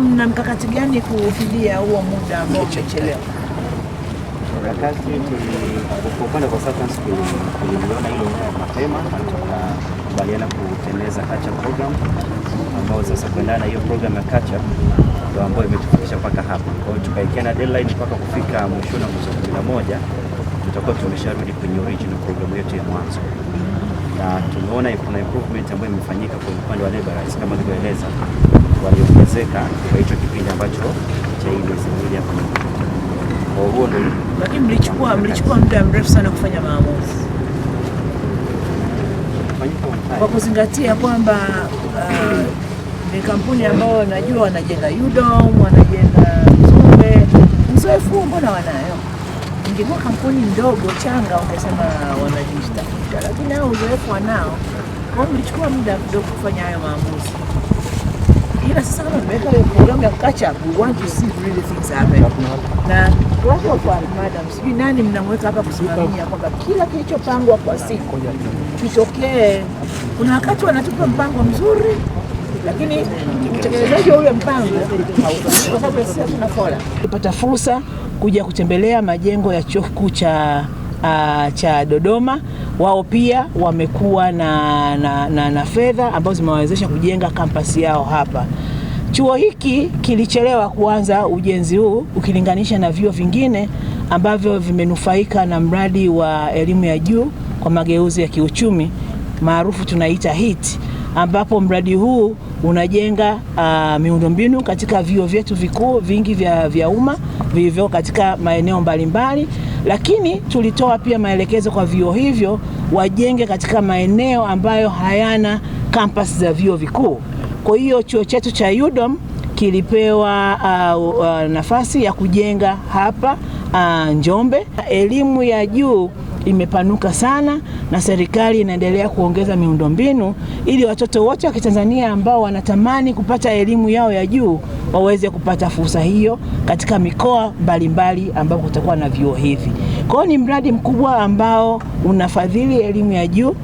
mna mkakati gani kufidia huo muda ambao umechelewa? Mkakati kwa sasa wa consultants hilo mapema na tukakubaliana kutengeneza catch-up program ambao sasa kuendana na hiyo program ya catch-up ndio ambayo imetufikisha mpaka hapa. Kwa hiyo tukaikia na deadline mpaka kufika mwishoni na mwezi wa kumi na moja tutakuwa tumesharudi kwenye original program yetu ya mwanzo na tumeona kuna improvement ambayo imefanyika kwa upande wa laborers kama nilivyoeleza waliongezeka kwa hicho kipindi ambacho cha hii miezi miwili hapa. Kwa hiyo ndio, lakini mlichukua mlichukua muda mrefu sana kufanya maamuzi kwa kuzingatia kwamba uh, ni kampuni ambao wanajua wanajenga UDOM, wanajenga Mzumbe, uzoefu mbona wanayo? Ingekuwa kampuni ndogo changa, wangesema wanajitafuta, lakini hao uzoefu wanao. Kwa mlichukua muda mdogo kufanya hayo maamuzi ila sasa kama tumeweka programu ya kacha, we want to see really things happen. Na wako kwa madam, sijui nani mnamweka hapa kusimamia kwamba kila kilichopangwa kwa siku kitokee. Kuna wakati wanatupa mpango mzuri, lakini utekelezaji wa ule mpango kwa sababu sisi fola. fursa kuja kutembelea majengo ya chuo kikuu cha, uh, cha Dodoma wao pia wamekuwa na, na, na, na fedha ambazo zimewawezesha kujenga kampasi yao hapa. Chuo hiki kilichelewa kuanza ujenzi huu ukilinganisha na vyuo vingine ambavyo vimenufaika na mradi wa elimu ya juu kwa mageuzi ya kiuchumi maarufu tunaita HIT, ambapo mradi huu unajenga uh, miundombinu katika vyuo vyetu vikuu vingi vya, vya umma vilivyo katika maeneo mbalimbali mbali lakini tulitoa pia maelekezo kwa vyuo hivyo wajenge katika maeneo ambayo hayana kampasi za vyuo vikuu. Kwa hiyo chuo chetu cha UDOM kilipewa uh, uh, nafasi ya kujenga hapa uh, Njombe elimu ya juu imepanuka sana, na serikali inaendelea kuongeza miundombinu ili watoto wote wa Kitanzania ambao wanatamani kupata elimu yao ya juu waweze kupata fursa hiyo katika mikoa mbalimbali ambapo kutakuwa na vyuo hivi. Kwa hiyo ni mradi mkubwa ambao unafadhili elimu ya juu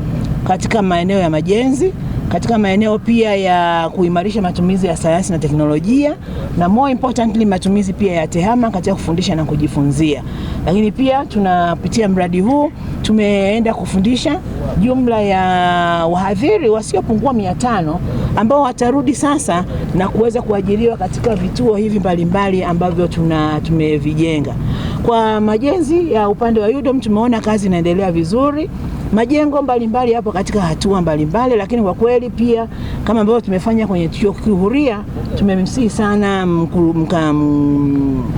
katika maeneo ya majenzi, katika maeneo pia ya kuimarisha matumizi ya sayansi na teknolojia, na more importantly matumizi pia ya tehama katika kufundisha na kujifunzia. Lakini pia tunapitia mradi huu, tumeenda kufundisha jumla ya wahadhiri wasiopungua mia tano ambao watarudi sasa na kuweza kuajiriwa katika vituo hivi mbalimbali ambavyo tuna tumevijenga. Kwa majenzi ya upande wa UDOM tumeona kazi inaendelea vizuri. Majengo mbalimbali yapo katika hatua mbalimbali, lakini kwa kweli pia kama ambavyo tumefanya kwenye tukio kihuria tumemsihi sana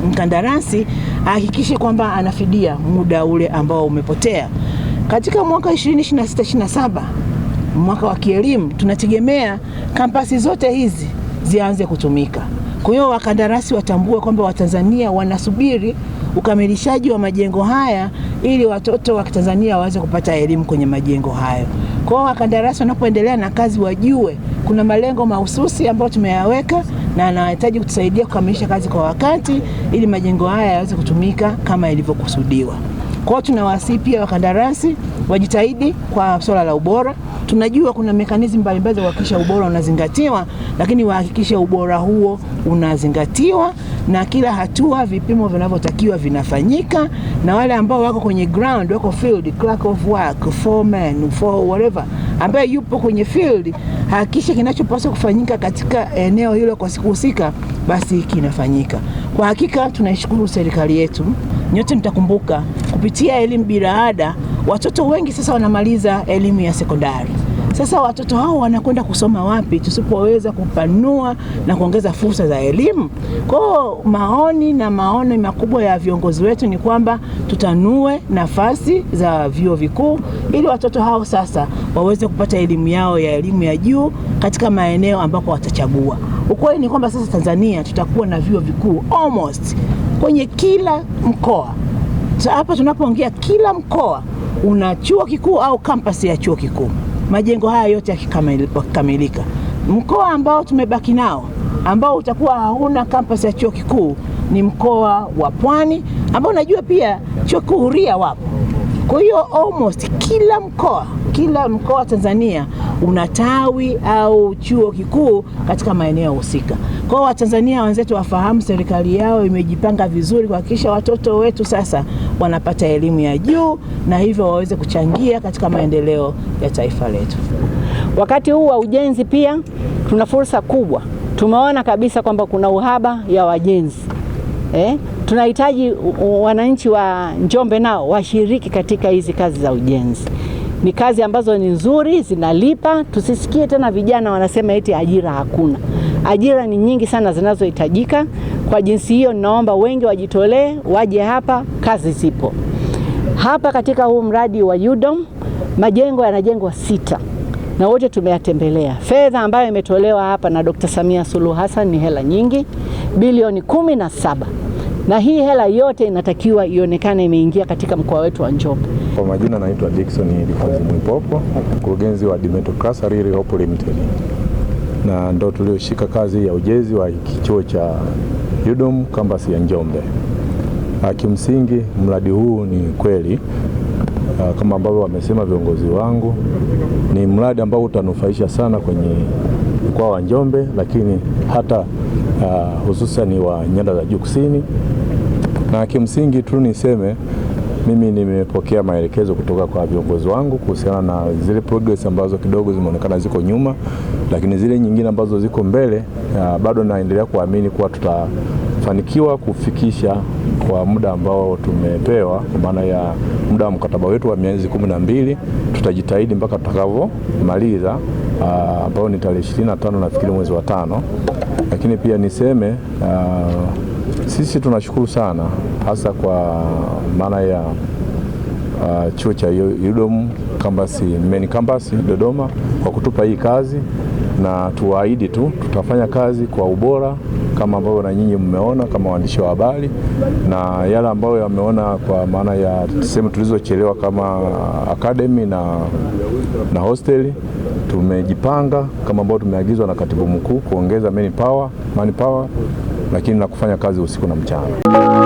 mkandarasi ahakikishe kwamba anafidia muda ule ambao umepotea katika mwaka 2026 27 mwaka wa kielimu tunategemea kampasi zote hizi zianze kutumika. Kwa hiyo wakandarasi watambue kwamba Watanzania wanasubiri ukamilishaji wa majengo haya ili watoto wa Tanzania waweze kupata elimu kwenye majengo hayo. Kwa hiyo wakandarasi wanapoendelea na kazi wajue kuna malengo mahususi ambayo tumeyaweka na anahitaji kutusaidia kukamilisha kazi kwa wakati ili majengo haya yaweze kutumika kama ilivyokusudiwa. Kwa hiyo tunawasihi pia wakandarasi wajitahidi kwa swala la ubora. Tunajua kuna mekanizmi mbalimbali za kuhakikisha ubora unazingatiwa, lakini wahakikishe ubora huo unazingatiwa na kila hatua vipimo vinavyotakiwa vinafanyika, na wale ambao wako kwenye ground, wako field, clerk of work, foreman, for whatever, ambaye yupo kwenye field, hakikisha kinachopaswa kufanyika katika eneo hilo kwa siku husika, basi kinafanyika. Kwa hakika tunaishukuru serikali yetu. Nyote mtakumbuka kupitia elimu bila ada, watoto wengi sasa wanamaliza elimu ya sekondari. Sasa watoto hao wanakwenda kusoma wapi tusipoweza kupanua na kuongeza fursa za elimu? Kwao maoni na maono makubwa ya viongozi wetu ni kwamba tutanue nafasi za vyuo vikuu ili watoto hao sasa waweze kupata elimu yao ya elimu ya juu katika maeneo ambapo watachagua. Ukweli ni kwamba sasa Tanzania tutakuwa na vyuo vikuu almost kwenye kila mkoa. Hapa tunapoongea, kila mkoa una chuo kikuu au kampasi ya chuo kikuu majengo haya yote yakikamilika. Mkoa ambao tumebaki nao ambao utakuwa hauna kampasi ya chuo kikuu ni mkoa wa Pwani ambao najua pia chuo kikuu huria wapo. Kwa hiyo almost kila mkoa kila mkoa Tanzania una tawi au chuo kikuu katika maeneo husika. Kwa Watanzania wenzetu wafahamu serikali yao imejipanga vizuri kuhakikisha watoto wetu sasa wanapata elimu ya juu na hivyo waweze kuchangia katika maendeleo ya taifa letu. Wakati huu wa ujenzi pia tuna fursa kubwa. Tumeona kabisa kwamba kuna uhaba ya wajenzi eh? Tunahitaji wananchi wa Njombe nao washiriki katika hizi kazi za ujenzi. Ni kazi ambazo ni nzuri, zinalipa. Tusisikie tena vijana wanasema eti ajira hakuna. Ajira ni nyingi sana zinazohitajika. Kwa jinsi hiyo, naomba wengi wajitolee, waje hapa, kazi zipo hapa. Katika huu mradi wa UDOM majengo yanajengwa sita na wote tumeyatembelea. Fedha ambayo imetolewa hapa na Dr. Samia Suluhu Hassan ni hela nyingi, bilioni kumi na saba, na hii hela yote inatakiwa ionekane imeingia katika mkoa wetu wa Njombe. Kwa majina naitwa Dickson Likonzi Mwipopo, mkurugenzi wa Dimeto Real Hope Limited na ndo tulioshika kazi ya ujezi wa kichuo cha UDOM kampasi ya Njombe. Ah, kimsingi mradi huu ni kweli ah, kama ambavyo wamesema viongozi wangu, ni mradi ambao utanufaisha sana kwenye mkoa wa Njombe, lakini hata uh, ah, hususani wa nyanda za juu kusini. Na kimsingi tu niseme mimi nimepokea maelekezo kutoka kwa viongozi wangu kuhusiana na zile progress ambazo kidogo zimeonekana ziko nyuma lakini zile nyingine ambazo ziko mbele bado naendelea kuamini kuwa tutafanikiwa kufikisha kwa muda ambao tumepewa, kwa maana ya muda wa mkataba wetu wa miezi kumi na mbili. Tutajitahidi mpaka tutakavyomaliza ah, ambao ni tarehe ishirini na tano nafikiri mwezi wa tano. Lakini pia niseme aa, ah, sisi tunashukuru sana hasa kwa maana ya Uh, chuo cha UDOM kambasi main kambasi Dodoma kwa kutupa hii kazi na tuwaahidi tu tutafanya kazi kwa ubora kama ambavyo na nyinyi mmeona kama waandishi wa habari, na yale ambayo yameona kwa maana ya sehemu tulizochelewa kama academy na, na hosteli tumejipanga kama ambavyo tumeagizwa na katibu mkuu kuongeza manpower, manpower lakini na kufanya kazi usiku na mchana.